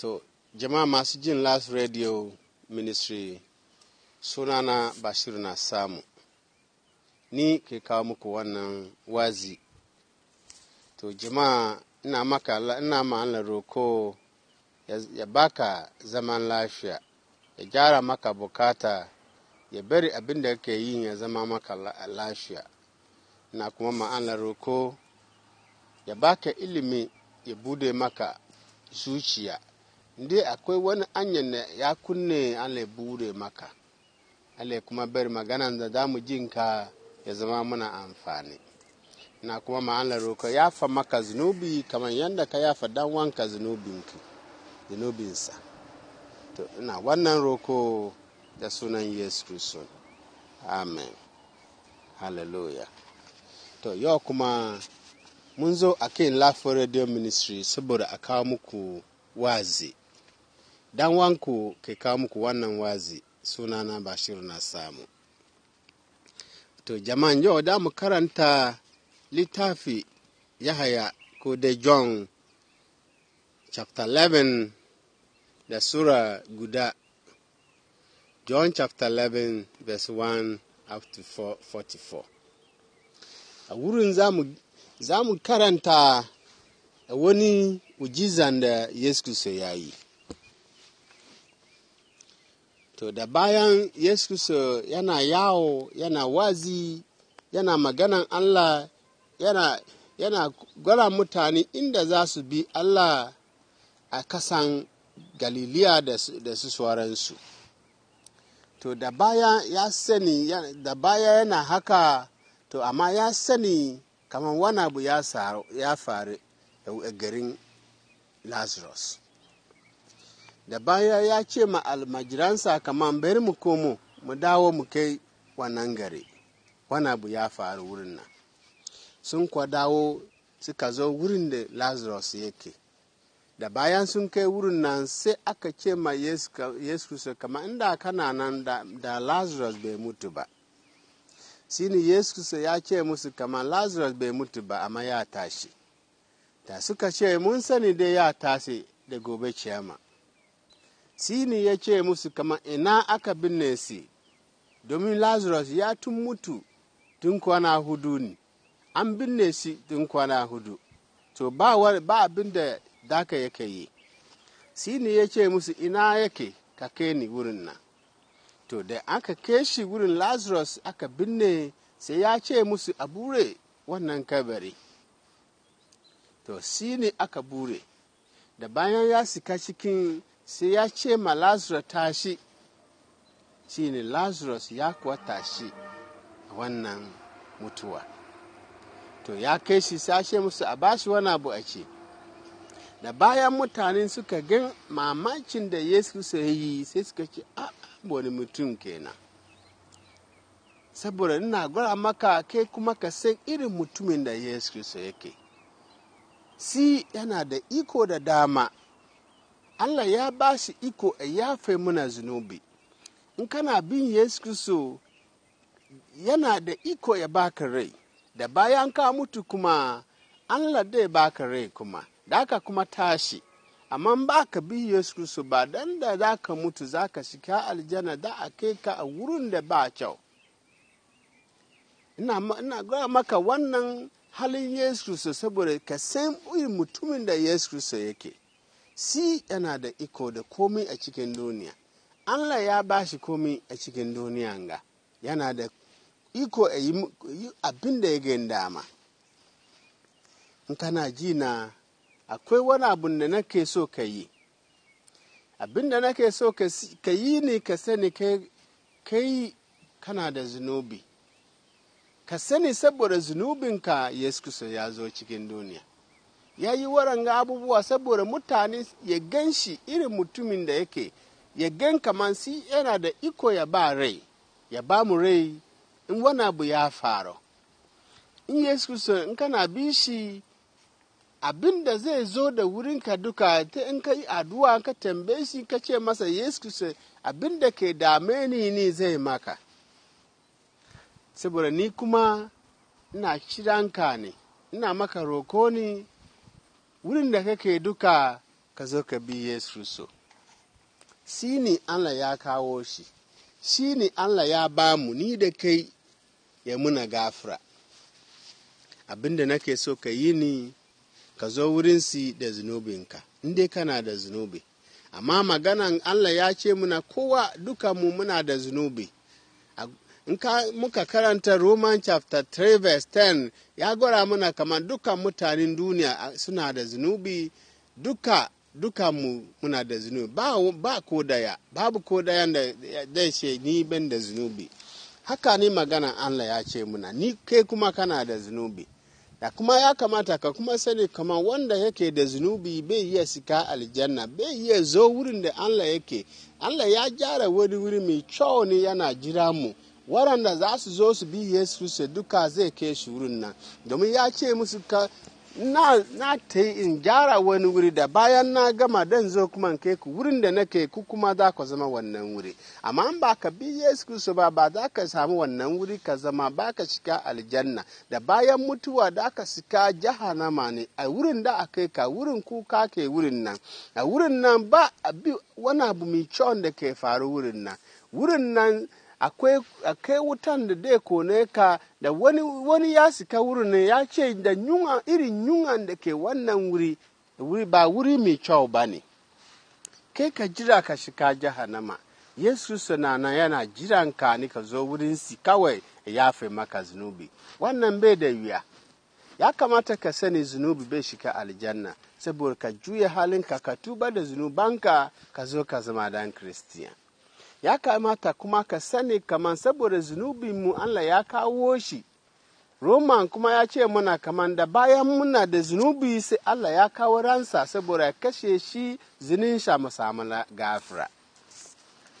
To, jama'a masu jin Last Radio Ministry sunana Bashir na samu. Ni ke kawo muku wannan wazi. To, jama'a ina maka ina ma'anar roko ya baka zaman lafiya, ya gyara maka bukata, ya bari abin da kake yi ya zama maka lafiya. Na kuma ma'anar roko ya baka ilimi ya bude maka zuciya ndi akwai wani anyan da ya kunne Allah bure maka Allah kuma bar magana da za mu jinka ya zama muna amfani na kuma ma'ana roka ya fa maka zunubi kamar yadda ka yafa dan wanka zunubinki zunubinsa to ina wannan roko da sunan yesu kristo amen hallelujah to yau kuma mun zo a kan lafiyar radio ministry saboda a kawo muku wazi dan wanku ke kawo muku wannan wazi sunana bashir na samu to jama'an yau da mu karanta littafi yahaya ko dai john chapter 11 da sura guda john chapter 11 verse 1 up to 44 a wurin za mu karanta wani ujizan da yesu ya yi To da bayan Yesu Kristo yana yawo, yana wazi, yana maganan Allah, yana, gwara mutane inda za su bi Allah a kasan Galiliya da su suwaransu. To da baya ya sani, da baya yana haka, to amma ya sani kamar wani abu ya faru a garin Lazarus. da baya ya ce ma almajiransa kaman bari mu komo mu dawo mu kai wannan gari wani abu ya faru wurin nan sun kwa dawo suka zo wurin da lazarus yake da bayan sun kai wurin nan sai aka ce ma yesu kristo kama inda kana nan da lazarus bai mutu ba sini yesu kristo ya ce musu kama lazarus bai mutu ba amma ya tashi da suka ce mun sani dai ya tashi da gobe ciyama sini ya ce musu kama ina aka binne si domin lazarus ya tun mutu tun kwana hudu ne an binne si tun kwana hudu to ba abin da daka yake yi sini ya ce musu ina yake ka kai ni wurin nan to da aka kai shi wurin lazarus aka binne sai ya ce musu a bure wannan kabari to sini aka bure da bayan ya sika cikin sai ya ce ma lazarus tashi shi ne lazarus ya kuwa tashi wannan mutuwa to ya kai shi sashe musu a bashi wani abu a ce da bayan mutanen suka gan mamakin da yesu sai yi sai suka ce a wani mutum kenan saboda ina gwada maka kai kuma ka san irin mutumin da yesu kristo yake si yana da iko da dama Allah ya ba shi iko a yafe muna zunubi in kana bin Yesu Kristo yana da iko ya baka rai da bayan ka mutu kuma Allah dai baka rai kuma daka aka kuma tashi amma ba ka bi Yesu Kristo ba dan da za ka mutu za ka shiga aljanna da a kai ka a wurin da ba kyau ina gwa maka wannan halin Yesu Kristo saboda ka san mutumin da Yesu Kristo yake si yana da iko da komai a cikin duniya allah ya ba shi komai a cikin duniya ga yana da iko a yi abin da ya gani dama in kana ji na akwai wani abin da nake so ka yi abin da nake so ka yi ne ka sani kai kana da zunubi ka sani saboda zunubinka yesu ya zo cikin duniya ya yi waranga abubuwa saboda mutane ya gan shi irin mutumin da yake ya gan kamar si yana da iko ya ba rai ya ba mu rai in wani abu ya faru in yesu kristo in kana bi shi abin da zai zo da wurinka duka ta in ka yi aduwa ka tambaye shi ka ce masa yesu kristo abin da ke dame ni ne zai maka saboda ni kuma ina kiranka ne ina maka roko ne wurin da kake duka ka zo ka bi yesu so shi ne allah ya kawo shi shi ne allah ya ba mu ni da kai ya muna gafira abinda nake so ka yi ni ka zo wurin wurinsi da zunubinka inda kana da zunubi amma maganan allah ya ce muna kowa dukanmu muna da zunubi in ka muka karanta roman chapter 3 verse 10 ya gwara mana kamar dukan mutanen duniya suna da zunubi duka duka mu muna da zunubi ba, ba ko daya babu ko daya da zai ce ni ban da zunubi haka ne magana allah ya ce muna ni ke kuma kana da zunubi da kuma ya kamata ka kuma sani kama wanda yake da zunubi bai iya sika aljanna bai iya zo wurin da allah yake allah ya gyara wani wuri mai kyau ne yana jira mu waɗanda za su zo su bi yesu kristo duka zai kai shi wurin nan domin ya ce musu ka na, na ta yi in gyara wani wuri da bayan na gama dan zo kuma in kai ku wurin da na kai ku kuma za ku zama wannan wuri amma in ba ka bi yesu ba ba za ka samu wannan wuri ka zama ba ka shiga aljanna da bayan mutuwa da ka shiga jahannama ne a wurin da a kai ka wurin kuka ke wurin nan a wurin nan ba wani abu mai kyau da ke faru wurin nan wurin nan akwai wutan da dai kone ka da wani, wani ya sika wurin ne ya ce da irin yunan da ke wannan wuri ba wuri mai kyau ba ne kai ka jira ka shika shiga jahannama yesu sanana yana jiran ka ni ka zo wurin si kawai ya fi maka zunubi wannan bai da wuya ya kamata ka sani zunubi bai shika aljanna saboda ka juya halinka ka tuba da zunubanka ka zo ka zama dan kiristiyan ya kamata kuma ka sani kaman saboda zunubinmu Allah ya kawo shi Roman kuma ya ce muna kaman da bayan muna da zunubi sai Allah ya kawo ransa saboda ya kashe shi zinin sha samu gafira.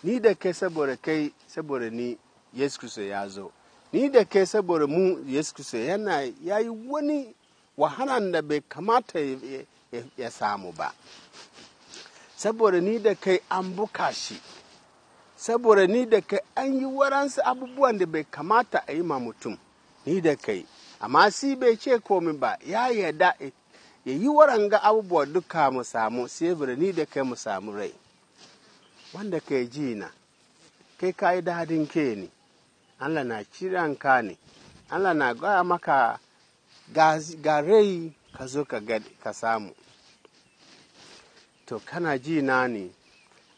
Ni da kai saboda kai saboda ni Yesu Kristo ya zo. Ni da kai saboda mu Yesu Kristo yana ya yi wani wahalan da bai kamata ya samu ba. Saboda ni da kai an buka shi. saboda ni da kai an yi waransu abubuwan da bai kamata a yi ma mutum ni da kai amma si bai ce komi ba ya yarda ya yi waranga abubuwa duka mu samu saboda ni da kai mu samu rai wanda kai ji na kai ka yi dadin ke ne allah na kiran ka ne allah na gaya maka ga rai ka zo ka samu to kana ji na ne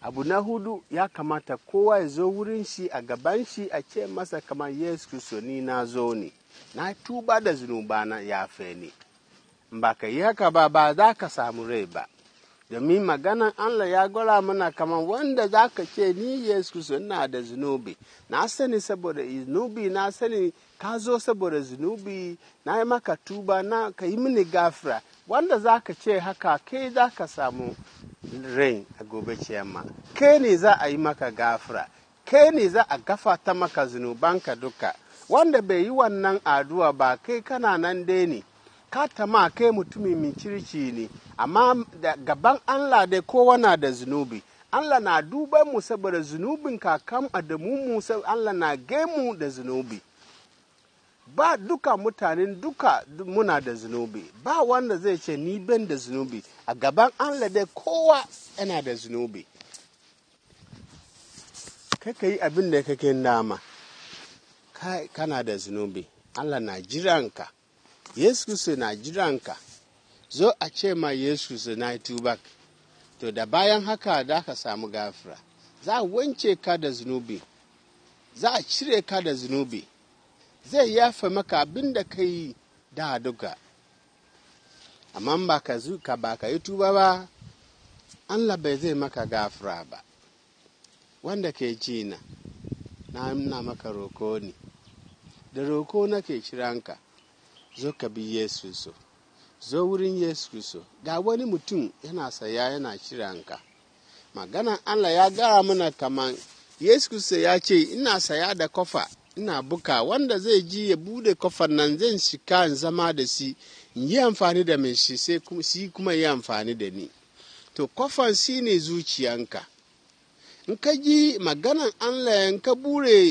abu na hudu ya kamata kowa ya zo wurin shi a gaban shi a ce masa kamar yesu kristo ni na zo ne na tuba da zunubana ya fe ne ba ka yi haka ba ba za ka samu rai ba domin maganan Allah ya gwara mana kamar wanda za ka ce ni yesu kristo ina da zunubi na sani saboda zunubi na sani ka zo saboda zunubi na yi maka tuba na ka yi mini gafira wanda za ka ce haka kai za ka samu rain a gobe ciyamma kai ne za a yi maka gafira kai ne za a gafa ta maka zunubanka duka wanda bai yi wannan aduwa ba kai kana nan dai ne ka ma kai mutumin mikirci ne amma gaban allah dai kowa na da zunubi Allah na duban mu saboda zunubin kakan Adamu mu Allah na gemu da zunubi. ba duka mutanen duka muna da zunubi ba wanda zai ce ni ban da zunubi a gaban Allah dai kowa yana da zunubi kaka yi abin da kake nama kana da zunubi Allah na jiranka Yesu su na jiranka zo a ce ma Yesu su na tuba to da bayan haka da ka samu gafira za a wance ka da zunubi za a cire ka da zunubi zai yafe maka abin da ka yi da duka amma ba ka zuka ba ka yi tuba ba allah bai zai maka gafura ba wanda ke ji na na nuna maka roko ne da roko na nake kiranka zo ka bi yesu so zo wurin yesu so ga wani mutum yana saya yana kiranka maganan allah ya gara mana kaman yesu ya ce ina saya da kofa ina buka wanda zai ji ya bude kofar nan zan shika in zama da shi in yi amfani da min shi sai shi kuma yi amfani da ni to kofar shi ne zuciyanka in ka ji maganan allah in ka bure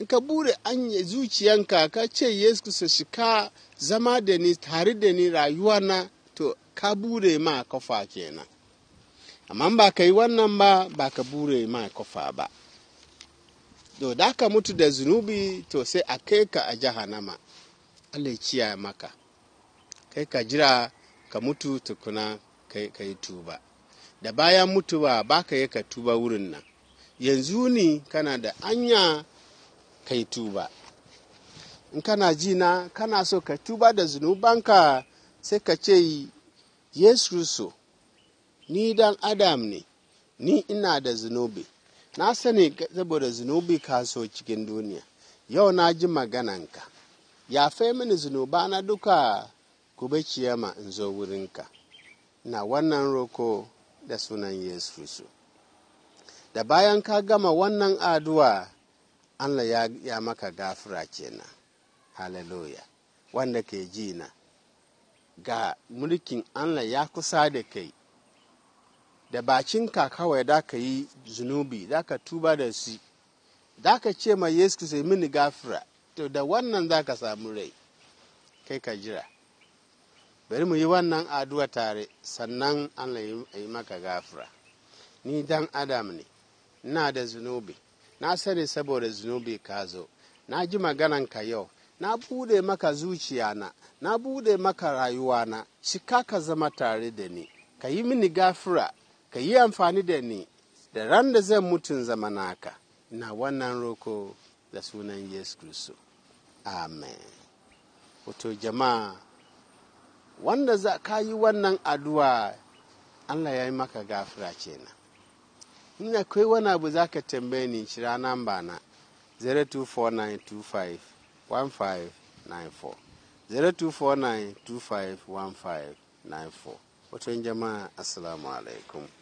in ka bure an zuciyanka ka ce yesu su shika zama da ni tare da ni rayuwa na to ka bure ma kofa kenan amma ba ka yi wannan ba ba ka bure ma kofa ba to da ka mutu da zunubi to sai a kai ka a jahannama allah kiyaye maka kai ka jira ka mutu tukuna ka yi tuba da bayan mutuwa ba ka yi ka tuba wurin nan yanzu ni kana da anya ka yi tuba in kana ji na kana so ka tuba da zunubanka sai ka ce yesu so ni dan adam ne ni ina da zunubi na sani saboda zunubi ka so cikin duniya yau na ji magananka ya fai mini zunuba na duka kube ciyama in zo wurinka na wannan roko da sunan yesu kristo da bayan ka gama wannan aduwa allah ya, ya maka gafura kenan hallelujah wanda ke ji na ga mulkin allah ya kusa da kai da bakinka kawai da ka yi zunubi da ka tuba da shi da ka ce ma yesu sai mini gafira to da wannan za ka samu rai kai ka jira bari mu yi wannan addu'a tare sannan allah yi maka gafira ni dan adam ne na da zunubi na sani saboda zunubi ka zo na ji maganan ka yau na bude maka zuciya na na bude maka rayuwana shi ka zama tare da ni ka yi mini gafira ka yi amfani da ni da ran da zan mutun zama naka na wannan roko da sunan yesu kristo amen wato jama'a wanda za ka yi wannan addu'a allah ya yi maka gafira kenan in akwai wani abu za ka tambaye ni shira namba na 0249251594 0249251594 wato jama'a assalamu alaikum